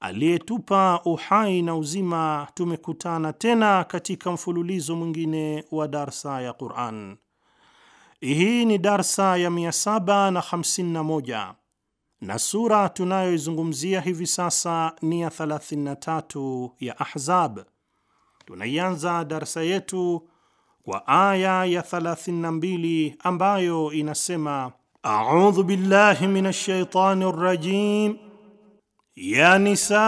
aliyetupa uhai na uzima, tumekutana tena katika mfululizo mwingine wa darsa ya Quran. Hii ni darsa ya 751 na sura tunayoizungumzia hivi sasa ni ya 33 ya Ahzab. Tunaianza darsa yetu kwa aya ya 32 ambayo inasema, audhu billahi minash shaitani rajim يا نساء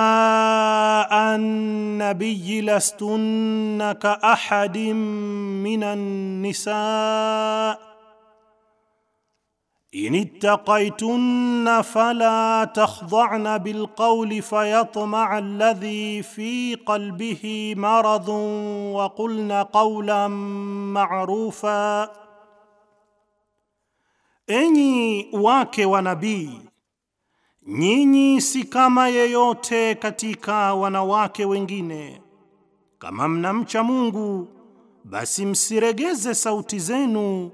النبي لستن كاحد من النساء ان اتقيتن فلا تخضعن بالقول فيطمع الذي في قلبه مرض وقلن قولا معروفا اني واك ونبي Nyinyi si kama yeyote katika wanawake wengine. Kama mnamcha Mungu, basi msiregeze sauti zenu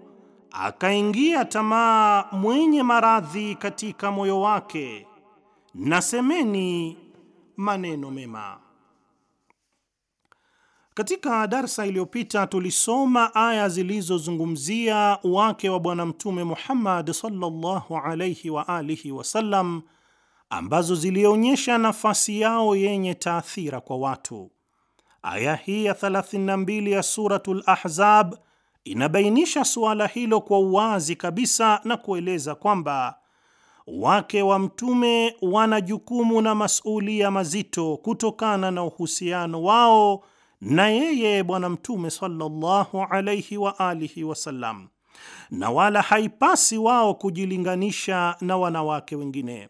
akaingia tamaa mwenye maradhi katika moyo wake, nasemeni maneno mema. Katika darsa iliyopita tulisoma aya zilizozungumzia wake wa Bwana Mtume Muhammad sallallahu alayhi wa alihi wasallam ambazo zilionyesha nafasi yao yenye taathira kwa watu. Aya hii ya 32 ya Suratul Ahzab inabainisha suala hilo kwa uwazi kabisa na kueleza kwamba wake wa mtume wana jukumu na masulia mazito kutokana na uhusiano wao na yeye Bwana Mtume sallallahu alaihi wa alihi wasallam, na wala haipasi wao kujilinganisha na wanawake wengine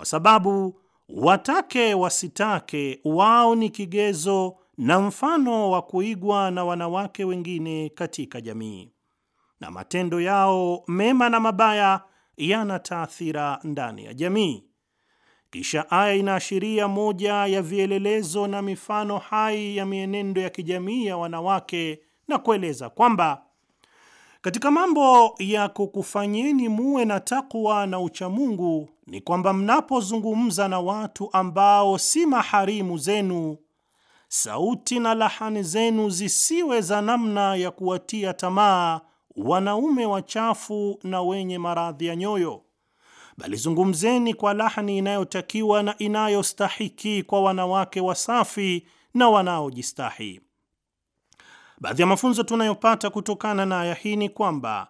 kwa sababu watake wasitake, wao ni kigezo na mfano wa kuigwa na wanawake wengine katika jamii, na matendo yao mema na mabaya yana taathira ndani ya jamii. Kisha aya inaashiria moja ya vielelezo na mifano hai ya mienendo ya kijamii ya wanawake na kueleza kwamba katika mambo ya kukufanyeni muwe na takwa na uchamungu ni kwamba mnapozungumza na watu ambao si maharimu zenu, sauti na lahani zenu zisiwe za namna ya kuwatia tamaa wanaume wachafu na wenye maradhi ya nyoyo, bali zungumzeni kwa lahani inayotakiwa na inayostahiki kwa wanawake wasafi na wanaojistahi. Baadhi ya mafunzo tunayopata kutokana na aya hii ni kwamba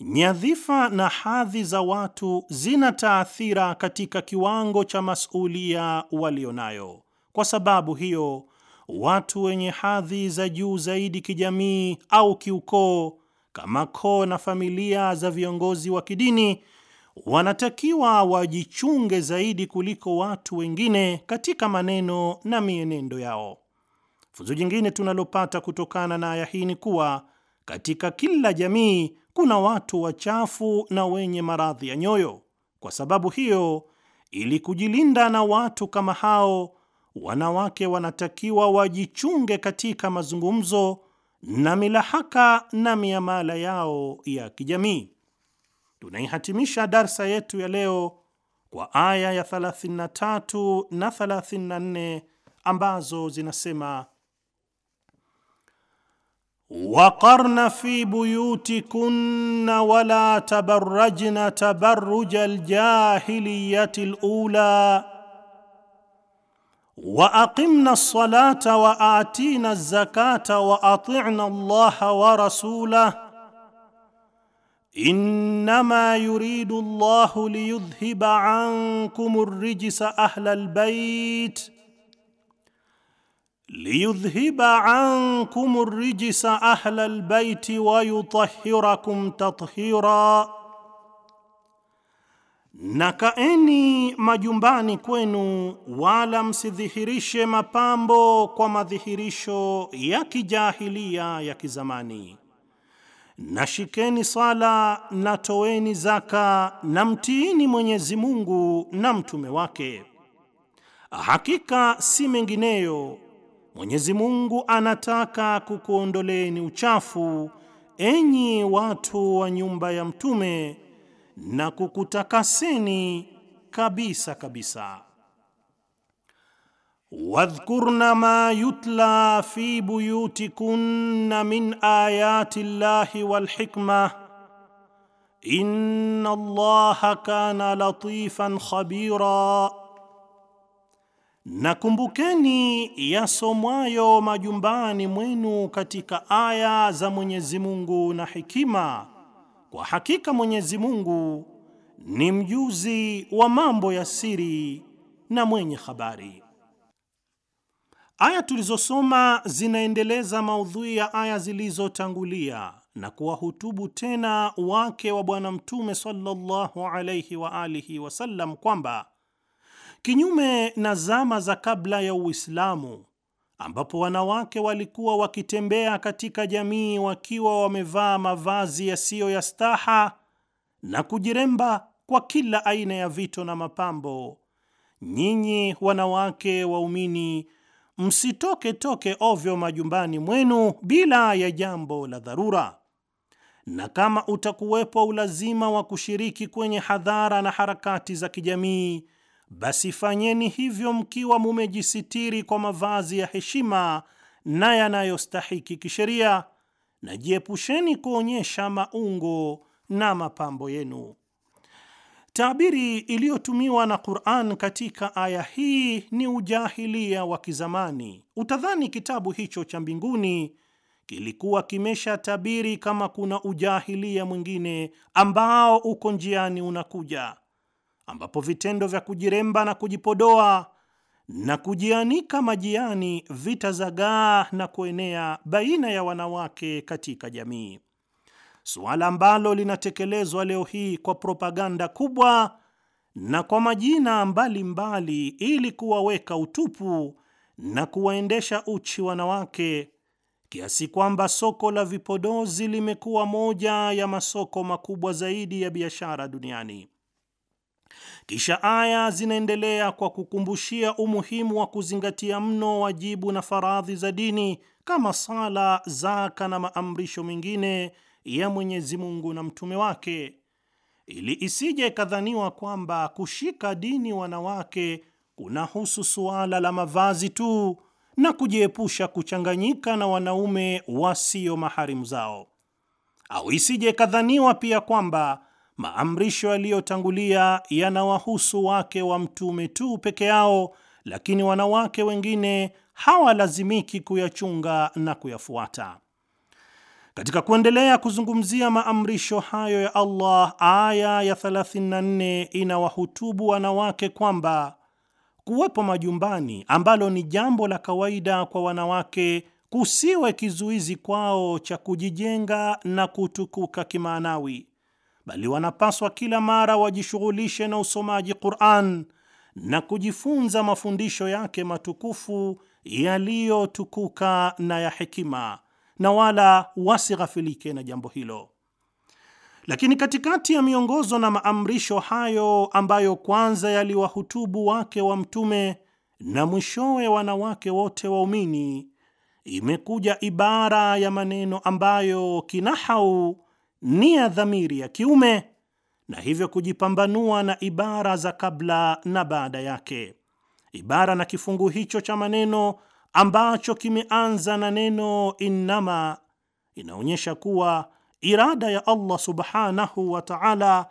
nyadhifa na hadhi za watu zina taathira katika kiwango cha masulia walionayo. Kwa sababu hiyo, watu wenye hadhi za juu zaidi kijamii au kiukoo kama koo na familia za viongozi wa kidini wanatakiwa wajichunge zaidi kuliko watu wengine katika maneno na mienendo yao. Funzo jingine tunalopata kutokana na aya hii ni kuwa katika kila jamii kuna watu wachafu na wenye maradhi ya nyoyo. Kwa sababu hiyo, ili kujilinda na watu kama hao, wanawake wanatakiwa wajichunge katika mazungumzo na milahaka na miamala yao ya kijamii. Tunaihatimisha darsa yetu ya leo kwa aya ya 33 na 34 ambazo zinasema وقرن في بيوتكن ولا تبرجن تبرج الجاهليه الاولى واقمنا الصلاه واتينا الزكاه واطعنا الله ورسوله انما يريد الله ليذهب عنكم الرجس اهل البيت liyudhhiba ankum rijsa ahla albayti wayutahirakum tathira, na kaeni majumbani kwenu wala msidhihirishe mapambo kwa madhihirisho ya kijahilia ya kizamani na shikeni sala na toeni zaka na mtiini Mwenyezi Mungu na mtume wake. Hakika si mengineyo Mwenyezi Mungu anataka kukuondoleeni uchafu enyi watu wa nyumba ya Mtume na kukutakaseni kabisa kabisa. Wadhkurna ma yutla fi buyutikunna min ayati llahi wal hikma inna allaha kana latifan khabira Nakumbukeni yasomwayo majumbani mwenu katika aya za Mwenyezi Mungu na hikima Kwa hakika Mwenyezi Mungu ni mjuzi wa mambo ya siri na mwenye habari. Aya tulizosoma zinaendeleza maudhui ya aya zilizotangulia na kuwahutubu tena wake wa Bwana Mtume sallallahu alayhi wa alihi wasallam kwamba Kinyume na zama za kabla ya Uislamu ambapo wanawake walikuwa wakitembea katika jamii wakiwa wamevaa mavazi yasiyo ya staha na kujiremba kwa kila aina ya vito na mapambo, nyinyi wanawake waumini, msitoke toke ovyo majumbani mwenu bila ya jambo la dharura, na kama utakuwepo ulazima wa kushiriki kwenye hadhara na harakati za kijamii basi fanyeni hivyo mkiwa mumejisitiri kwa mavazi ya heshima na yanayostahiki kisheria, na jiepusheni kuonyesha maungo na mapambo yenu. Tabiri iliyotumiwa na Qur'an katika aya hii ni ujahilia wa kizamani. Utadhani kitabu hicho cha mbinguni kilikuwa kimesha tabiri kama kuna ujahilia mwingine ambao uko njiani unakuja ambapo vitendo vya kujiremba na kujipodoa na kujianika majiani vitazagaa na kuenea baina ya wanawake katika jamii, suala ambalo linatekelezwa leo hii kwa propaganda kubwa na kwa majina mbalimbali ili kuwaweka utupu na kuwaendesha uchi wanawake, kiasi kwamba soko la vipodozi limekuwa moja ya masoko makubwa zaidi ya biashara duniani. Kisha aya zinaendelea kwa kukumbushia umuhimu wa kuzingatia mno wajibu na faradhi za dini kama sala, zaka na maamrisho mengine ya Mwenyezi Mungu na mtume wake, ili isije kadhaniwa kwamba kushika dini wanawake kunahusu suala la mavazi tu na kujiepusha kuchanganyika na wanaume wasio maharimu zao, au isije kadhaniwa pia kwamba maamrisho yaliyotangulia yanawahusu wake wa mtume tu peke yao, lakini wanawake wengine hawalazimiki kuyachunga na kuyafuata. Katika kuendelea kuzungumzia maamrisho hayo ya Allah, aya ya 34 inawahutubu wanawake kwamba kuwepo majumbani, ambalo ni jambo la kawaida kwa wanawake, kusiwe kizuizi kwao cha kujijenga na kutukuka kimaanawi bali wanapaswa kila mara wajishughulishe na usomaji Qur'an na kujifunza mafundisho yake matukufu yaliyotukuka na ya hekima, na wala wasighafilike na jambo hilo. Lakini katikati ya miongozo na maamrisho hayo ambayo kwanza yaliwahutubu wake wa Mtume na mwishowe wanawake wote waumini, imekuja ibara ya maneno ambayo kinahau nia dhamiri ya kiume na hivyo kujipambanua na ibara za kabla na baada yake. Ibara na kifungu hicho cha maneno ambacho kimeanza na neno innama inaonyesha kuwa irada ya Allah subhanahu wa ta'ala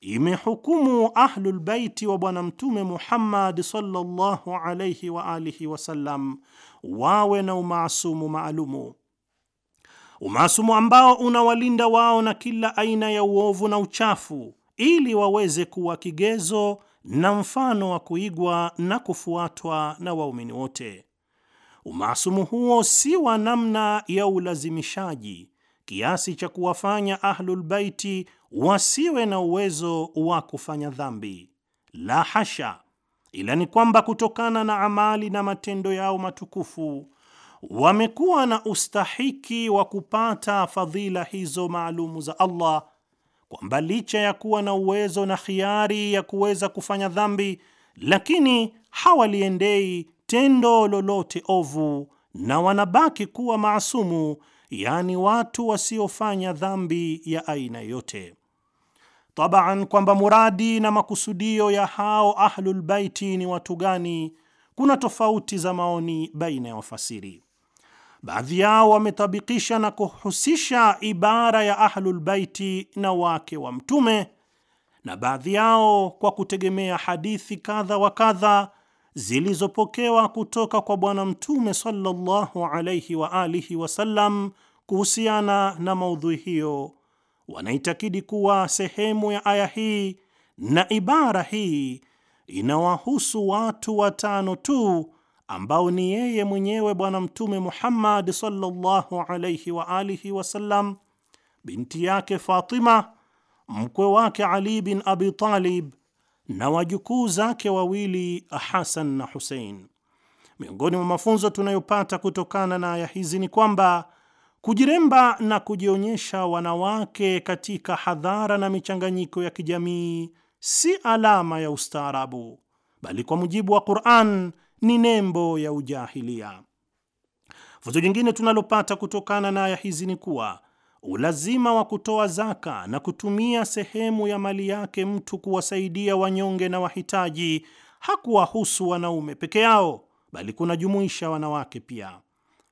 imehukumu Ahlul Baiti wa Bwana Mtume Muhammad sallallahu alayhi wa alihi wasallam wawe na umaasumu maalumu umasumu ambao unawalinda wao na kila aina ya uovu na uchafu, ili waweze kuwa kigezo na mfano wa kuigwa na kufuatwa na waumini wote. Umaasumu huo si wa namna ya ulazimishaji kiasi cha kuwafanya Ahlulbaiti wasiwe na uwezo wa kufanya dhambi, la hasha, ila ni kwamba kutokana na amali na matendo yao matukufu wamekuwa na ustahiki wa kupata fadhila hizo maalumu za Allah, kwamba licha ya kuwa na uwezo na khiari ya kuweza kufanya dhambi, lakini hawaliendei tendo lolote ovu na wanabaki kuwa maasumu, yaani watu wasiofanya dhambi ya aina yote. Tabaan, kwamba muradi na makusudio ya hao Ahlulbaiti ni watu gani, kuna tofauti za maoni baina ya wafasiri. Baadhi yao wametabikisha na kuhusisha ibara ya Ahlulbaiti na wake wa Mtume, na baadhi yao kwa kutegemea hadithi kadha wa kadha zilizopokewa kutoka kwa Bwana Mtume sallallahu alaihi wa alihi wasallam kuhusiana na maudhui hiyo, wanaitakidi kuwa sehemu ya aya hii na ibara hii inawahusu watu watano tu ambao ni yeye mwenyewe Bwana Mtume Muhammad sallallahu alayhi wa alihi wasallam, binti yake Fatima, mkwe wake Ali bin Abi Talib na wajukuu zake wawili Hasan na Husein. Miongoni mwa mafunzo tunayopata kutokana na aya hizi ni kwamba kujiremba na kujionyesha wanawake katika hadhara na michanganyiko ya kijamii si alama ya ustaarabu, bali kwa mujibu wa Qur'an ni nembo ya ujahilia. Funzo jingine tunalopata kutokana na aya hizi ni kuwa ulazima wa kutoa zaka na kutumia sehemu ya mali yake mtu kuwasaidia wanyonge na wahitaji hakuwahusu wanaume peke yao, bali kunajumuisha wanawake pia.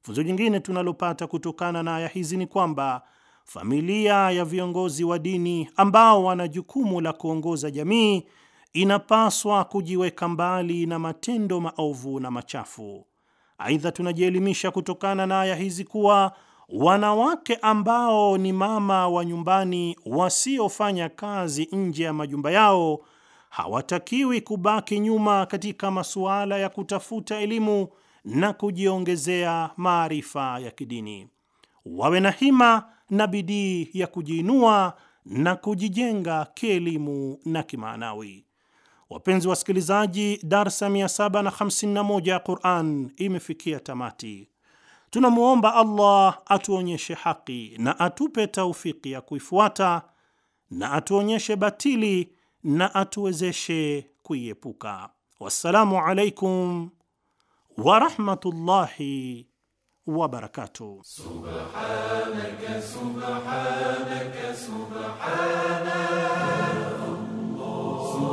Funzo jingine tunalopata kutokana na aya hizi ni kwamba familia ya viongozi wa dini ambao wana jukumu la kuongoza jamii inapaswa kujiweka mbali na matendo maovu na machafu. Aidha, tunajielimisha kutokana na aya hizi kuwa wanawake ambao ni mama wa nyumbani wasiofanya kazi nje ya majumba yao hawatakiwi kubaki nyuma katika masuala ya kutafuta elimu na kujiongezea maarifa ya kidini. Wawe na hima na bidii ya kujiinua na kujijenga kielimu na kimaanawi. Wapenzi wasikilizaji, darsa 751 ya Quran imefikia tamati. Tunamwomba Allah atuonyeshe haki na atupe taufiki ya kuifuata na atuonyeshe batili na atuwezeshe kuiepuka. Wassalamu alaikum warahmatullahi wabarakatuh. Subhanaka subhanaka subhanaka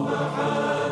محمد